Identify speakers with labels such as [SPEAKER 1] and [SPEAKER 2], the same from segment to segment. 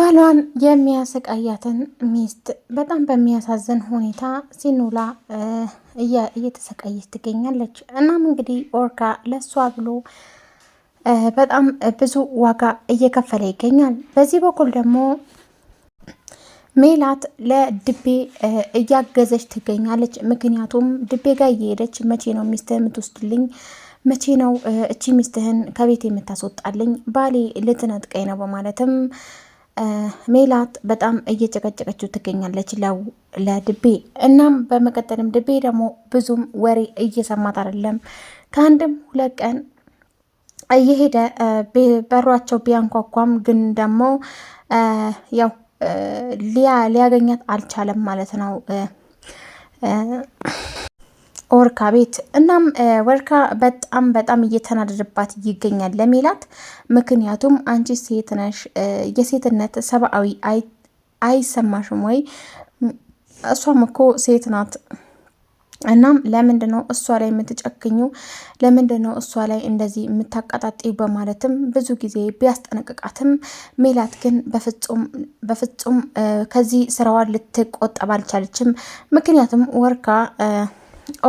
[SPEAKER 1] ባሏን የሚያሰቃያትን ሚስት በጣም በሚያሳዝን ሁኔታ ሲኑላ እየተሰቃየች ትገኛለች። እናም እንግዲህ ኦርካ ለእሷ ብሎ በጣም ብዙ ዋጋ እየከፈለ ይገኛል። በዚህ በኩል ደግሞ ሜላት ለድቤ እያገዘች ትገኛለች። ምክንያቱም ድቤ ጋር እየሄደች መቼ ነው ሚስት የምትወስድልኝ? መቼ ነው እቺ ሚስትህን ከቤት የምታስወጣልኝ? ባሌ ልትነጥቀኝ ነው በማለትም ሜላት በጣም እየጨቀጨቀችው ትገኛለች ለድቤ። እናም በመቀጠልም ድቤ ደግሞ ብዙም ወሬ እየሰማት አይደለም። ከአንድም ሁለት ቀን እየሄደ በሯቸው ቢያንኳኳም ግን ደግሞ ያው ሊያገኛት አልቻለም ማለት ነው። ወርካ ቤት እናም ወርካ በጣም በጣም እየተናደደባት ይገኛል ለሜላት። ምክንያቱም አንቺ ሴት ነሽ፣ የሴትነት ሰብአዊ አይሰማሽም ወይ? እሷም እኮ ሴት ናት። እናም ለምንድን ነው እሷ ላይ የምትጨክኙ? ለምንድን ነው እሷ ላይ እንደዚህ የምታቀጣጥዩ? በማለትም ብዙ ጊዜ ቢያስጠነቅቃትም ሜላት ግን በፍጹም ከዚህ ስራዋን ልትቆጠብ አልቻለችም። ምክንያቱም ወርካ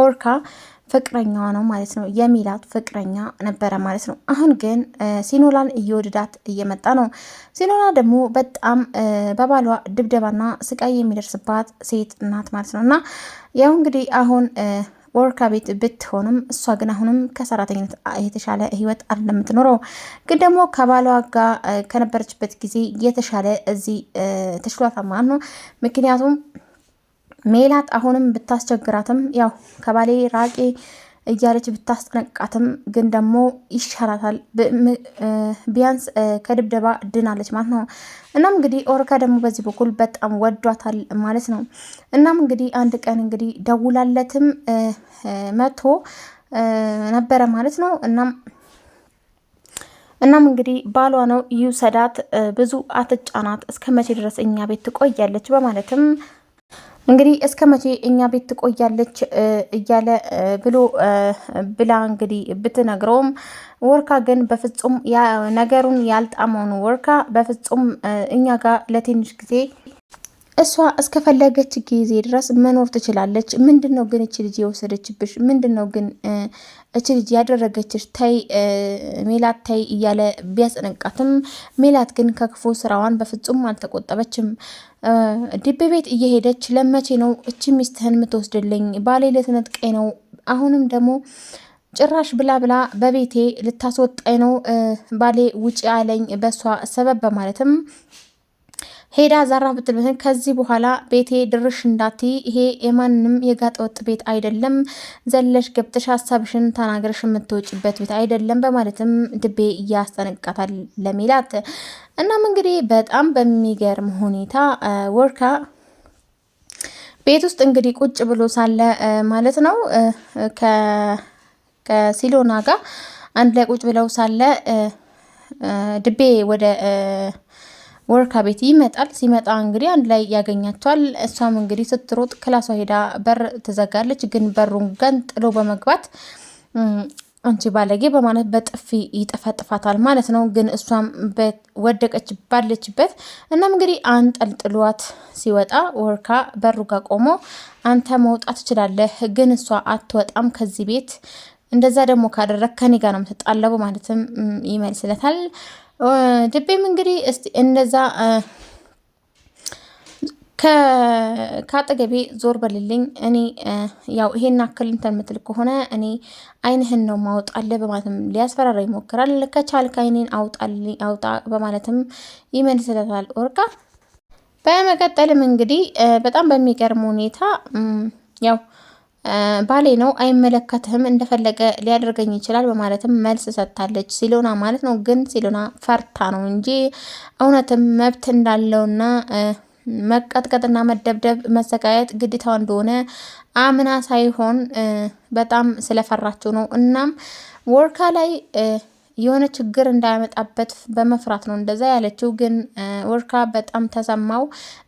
[SPEAKER 1] ኦርካ ፍቅረኛዋ ነው ማለት ነው። የሚላት ፍቅረኛ ነበረ ማለት ነው። አሁን ግን ሲኖላን እየወደዳት እየመጣ ነው። ሲኖላ ደግሞ በጣም በባሏ ድብደባና ስቃይ የሚደርስባት ሴት ናት ማለት ነው እና ያው እንግዲህ አሁን ወርካ ቤት ብትሆንም እሷ ግን አሁንም ከሰራተኝነት የተሻለ ህይወት አለ የምትኖረው። ግን ደግሞ ከባሏ ጋር ከነበረችበት ጊዜ የተሻለ እዚህ ተችሏታ ማለት ነው። ምክንያቱም ሜላት አሁንም ብታስቸግራትም ያው ከባሌ ራቄ እያለች ብታስጠነቃትም ግን ደግሞ ይሻላታል፣ ቢያንስ ከድብደባ ድናለች ማለት ነው። እናም እንግዲህ ኦርካ ደግሞ በዚህ በኩል በጣም ወዷታል ማለት ነው። እናም እንግዲህ አንድ ቀን እንግዲህ ደውላለትም መቶ ነበረ ማለት ነው። እናም እናም እንግዲህ ባሏ ነው ይውሰዳት፣ ብዙ አትጫናት፣ እስከ መቼ ድረስ እኛ ቤት ትቆያለች በማለትም እንግዲህ እስከ መቼ እኛ ቤት ትቆያለች እያለ ብሎ ብላ እንግዲህ ብትነግረውም ወርካ ግን በፍጹም ነገሩን ያልጣመውን ወርካ በፍጹም እኛ ጋር ለትንሽ ጊዜ እሷ እስከፈለገች ጊዜ ድረስ መኖር ትችላለች። ምንድን ነው ግን እች ልጅ የወሰደችብሽ? ምንድን ነው ግን እች ልጅ ያደረገችሽ? ታይ ሜላት ታይ እያለ ቢያስጠነቃትም ሜላት ግን ከክፉ ስራዋን በፍጹም አልተቆጠበችም። ድብ ቤት እየሄደች ለመቼ ነው እች ሚስትህን የምትወስድልኝ? ባሌ ልትነጥቀኝ ነው። አሁንም ደግሞ ጭራሽ ብላ ብላ በቤቴ ልታስወጣኝ ነው። ባሌ ውጪ አለኝ በእሷ ሰበብ በማለትም ሄዳ ዛራ ብትልበትን ከዚህ በኋላ ቤቴ ድርሽ እንዳቲ ይሄ የማንም የጋጠወጥ ቤት አይደለም፣ ዘለሽ ገብተሽ ሀሳብሽን ተናግረሽ የምትወጭበት ቤት አይደለም በማለትም ድቤ እያስጠነቅቃታል ለሚላት። እናም እንግዲህ በጣም በሚገርም ሁኔታ ወርካ ቤት ውስጥ እንግዲህ ቁጭ ብሎ ሳለ ማለት ነው ከሲሎና ጋር አንድ ላይ ቁጭ ብለው ሳለ ድቤ ወደ ወርካ ቤት ይመጣል። ሲመጣ እንግዲህ አንድ ላይ ያገኛቸዋል። እሷም እንግዲህ ስትሮጥ ክላሷ ሄዳ በር ትዘጋለች። ግን በሩን ገን ጥሎ በመግባት አንቺ ባለጌ በማለት በጥፊ ይጠፈጥፋታል ማለት ነው። ግን እሷም ወደቀች ባለችበት። እናም እንግዲህ አንጠልጥሏት ሲወጣ ወርካ በሩ ጋር ቆሞ አንተ መውጣት ትችላለህ፣ ግን እሷ አትወጣም ከዚህ ቤት፣ እንደዛ ደግሞ ካደረግ ከኔ ጋር ነው የምትጣለው ማለትም ይመልስለታል። ድቤም እንግዲህ እስቲ እንደዛ ከአጠገቤ ዞር በልልኝ። እኔ ያው ይሄን አክል እንትን የምትል ከሆነ እኔ አይንህን ነው ማውጣለ በማለትም ሊያስፈራራ ይሞክራል። ከቻልክ አይኔን አውጣ በማለትም ይመልስለታል ወርቃ። በመቀጠልም እንግዲህ በጣም በሚገርም ሁኔታ ያው ባሌ ነው አይመለከትህም፣ እንደፈለገ ሊያደርገኝ ይችላል በማለትም መልስ ሰጥታለች። ሲሎና ማለት ነው። ግን ሲሎና ፈርታ ነው እንጂ እውነትም መብት እንዳለውና መቀጥቀጥና መደብደብ መሰቃየት ግዴታው እንደሆነ አምና ሳይሆን በጣም ስለፈራችው ነው። እናም ወርካ ላይ የሆነ ችግር እንዳያመጣበት በመፍራት ነው እንደዛ ያለችው። ግን ወርካ በጣም ተሰማው።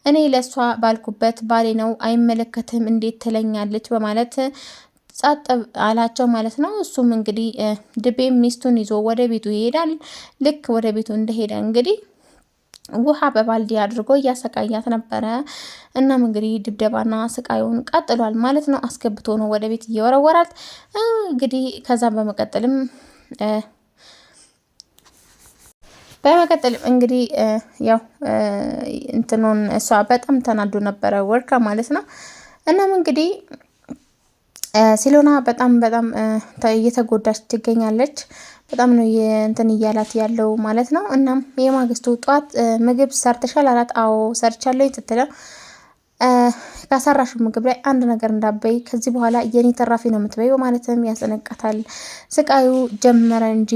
[SPEAKER 1] እኔ ለእሷ ባልኩበት ባሌ ነው አይመለከትም እንዴት ትለኛለች በማለት ጸጥ አላቸው ማለት ነው። እሱም እንግዲህ ድቤ ሚስቱን ይዞ ወደ ቤቱ ይሄዳል። ልክ ወደ ቤቱ እንደሄደ እንግዲህ ውሃ በባልዲ አድርጎ እያሰቃያት ነበረ። እናም እንግዲህ ድብደባና ስቃዩን ቀጥሏል ማለት ነው። አስገብቶ ነው ወደ ቤት እየወረወራት እንግዲህ ከዛ በመቀጠልም በመቀጠል እንግዲህ ያው እንትኑን እሷ በጣም ተናዶ ነበረ ወርካ ማለት ነው። እናም እንግዲህ ሲሎና በጣም በጣም እየተጎዳች ትገኛለች። በጣም ነው እንትን እያላት ያለው ማለት ነው። እናም የማግስቱ ጠዋት ምግብ ሰርተሻል አላት። አዎ ሰርቻለሁ ስትለው ከሰራሹ ምግብ ላይ አንድ ነገር እንዳበይ ከዚህ በኋላ የኔ ተራፊ ነው የምትበይ በማለትም ያስጠነቅቃታል። ስቃዩ ጀመረ እንጂ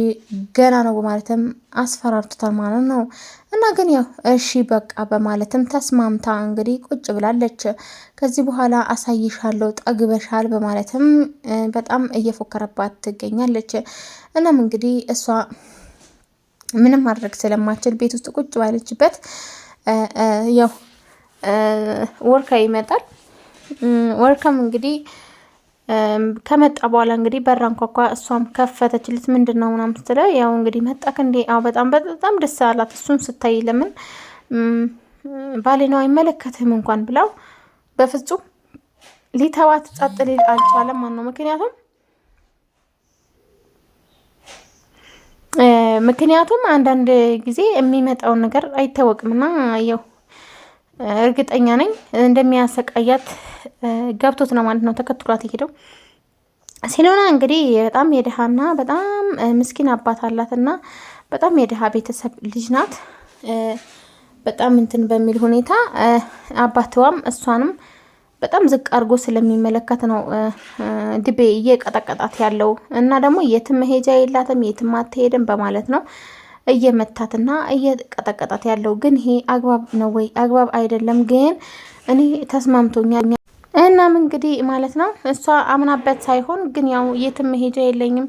[SPEAKER 1] ገና ነው በማለትም አስፈራርቶታል ማለት ነው። እና ግን ያው እሺ በቃ በማለትም ተስማምታ እንግዲህ ቁጭ ብላለች። ከዚህ በኋላ አሳይሻለሁ ጠግበሻል በማለትም በጣም እየፎከረባት ትገኛለች። እናም እንግዲህ እሷ ምንም ማድረግ ስለማችል ቤት ውስጥ ቁጭ ባለችበት ያው ወርካ ይመጣል። ወርካም እንግዲህ ከመጣ በኋላ እንግዲህ በራንኳኳ እሷም ከፈተችልት ምንድን ነው ምናምን ስትለው ያው እንግዲህ መጣክ እንዴ? አዎ በጣም በጣም ደስ አላት። እሱም ስታይ ለምን ባሌ ነው አይመለከትህም እንኳን ብላው በፍጹም ሊተዋት ጸጥ ሊል አልቻለም። ማን ነው ምክንያቱም ምክንያቱም አንዳንድ ጊዜ የሚመጣውን ነገር አይታወቅምና ያው እርግጠኛ ነኝ እንደሚያሰቃያት ገብቶት ነው ማለት ነው ተከትሏት የሄደው። ሲኖላ እንግዲህ በጣም የድሃና በጣም ምስኪን አባት አላትና በጣም የድሃ ቤተሰብ ልጅ ናት። በጣም እንትን በሚል ሁኔታ አባትዋም እሷንም በጣም ዝቅ አድርጎ ስለሚመለከት ነው ድቤ እየቀጠቀጣት ያለው እና ደግሞ የትም መሄጃ የላትም የትም አትሄድም በማለት ነው እየመታትና እየቀጠቀጣት ያለው ግን ይሄ አግባብ ነው ወይ? አግባብ አይደለም። ግን እኔ ተስማምቶኛል። እናም እንግዲህ ማለት ነው እሷ አምናበት ሳይሆን ግን ያው የትም መሄጃ የለኝም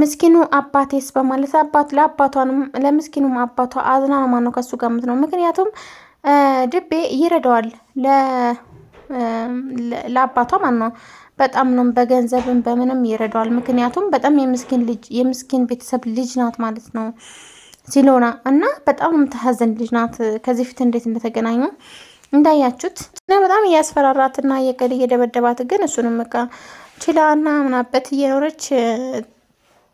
[SPEAKER 1] ምስኪኑ አባቴስ በማለት አባት ለአባቷንም ለምስኪኑም አባቷ አዝና ማነው ከሱ ጋር ምት ነው ምክንያቱም ድቤ ይረዳዋል። ለአባቷ ማለት ነው በጣም ነው በገንዘብም በምንም ይረዳዋል። ምክንያቱም በጣም የምስኪን ልጅ የምስኪን ቤተሰብ ልጅ ናት ማለት ነው ሲሎና እና በጣም የምታሳዝን ልጅ ናት። ከዚህ ፊት እንዴት እንደተገናኙ እንዳያችሁት እና በጣም እያስፈራራትና የቀል እየደበደባት ግን እሱንም በቃ ችላና ምናበት እየኖረች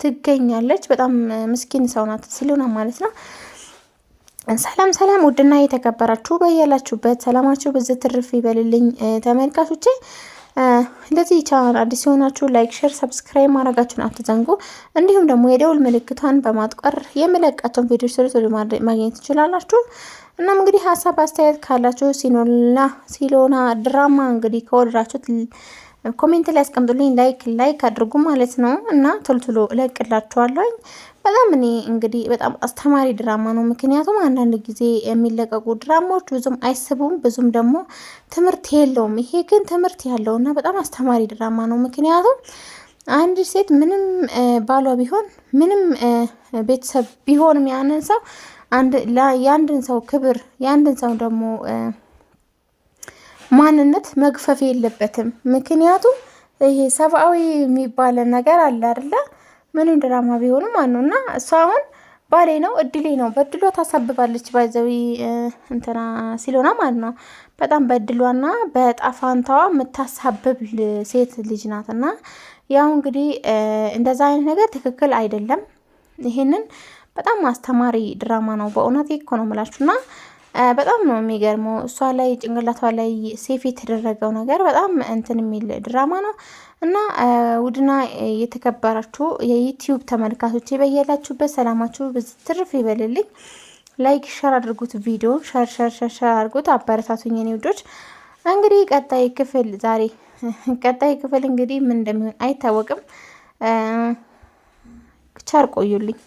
[SPEAKER 1] ትገኛለች። በጣም ምስኪን ሰው ናት ሲሎና ማለት ነው። ሰላም ሰላም ውድና የተከበራችሁ በያላችሁበት ሰላማችሁ ብዝት ትርፍ ይበልልኝ ተመልካቾቼ። ለዚህ ቻናል አዲስ የሆናችሁ ላይክ፣ ሼር፣ ሰብስክራይብ ማድረጋችሁን አትዘንጉ። እንዲሁም ደግሞ የደውል ምልክቷን በማጥቆር የምለቀቱን ቪዲዮ ስርቶ ማግኘት ትችላላችሁ። እናም እንግዲህ ሀሳብ አስተያየት ካላችሁ ሲኖላ ሲሎና ድራማ እንግዲህ ከወደዳችሁት ኮሜንት ላይ አስቀምጡልኝ። ላይክ ላይክ አድርጉ ማለት ነው እና ቶሎ ቶሎ እለቅላችኋለሁ። በጣም እኔ እንግዲህ በጣም አስተማሪ ድራማ ነው። ምክንያቱም አንዳንድ ጊዜ የሚለቀቁ ድራማዎች ብዙም አይስቡም፣ ብዙም ደግሞ ትምህርት የለውም። ይሄ ግን ትምህርት እና በጣም አስተማሪ ድራማ ነው። ምክንያቱም አንድ ሴት ምንም ባሏ ቢሆን ምንም ቤተሰብ ቢሆንም ያንን ሰው የአንድን ሰው ክብር የአንድን ሰው ደግሞ ማንነት መግፈፍ የለበትም። ምክንያቱም ይሄ ሰብአዊ የሚባለ ነገር አለ አይደለ? ምንም ድራማ ቢሆንም አኑ እና እሷ አሁን ባሌ ነው እድሌ ነው በድሏ ታሳብባለች። ባይዘዊ እንትና ሲሎና ማለት ነው በጣም በድሏና በጣፋንታዋ የምታሳብብ ሴት ልጅ ናት። እና ያው እንግዲህ እንደዛ አይነት ነገር ትክክል አይደለም። ይሄንን በጣም አስተማሪ ድራማ ነው በእውነት ይኮ ነው ምላችሁና በጣም ነው የሚገርመው። እሷ ላይ ጭንቅላቷ ላይ ሴፍ የተደረገው ነገር በጣም እንትን የሚል ድራማ ነው እና ውድና የተከበራችሁ የዩትዩብ ተመልካቾች በያላችሁበት ሰላማችሁ ብዙ ትርፍ ይበልልኝ። ላይክ ሸር አድርጉት፣ ቪዲዮ ሸር ሸር ሸር ሸር አድርጉት፣ አበረታቱኝ የኔ ውዶች። እንግዲህ ቀጣይ ክፍል ዛሬ ቀጣይ ክፍል እንግዲህ ምን እንደሚሆን አይታወቅም። ቻር ቆዩልኝ።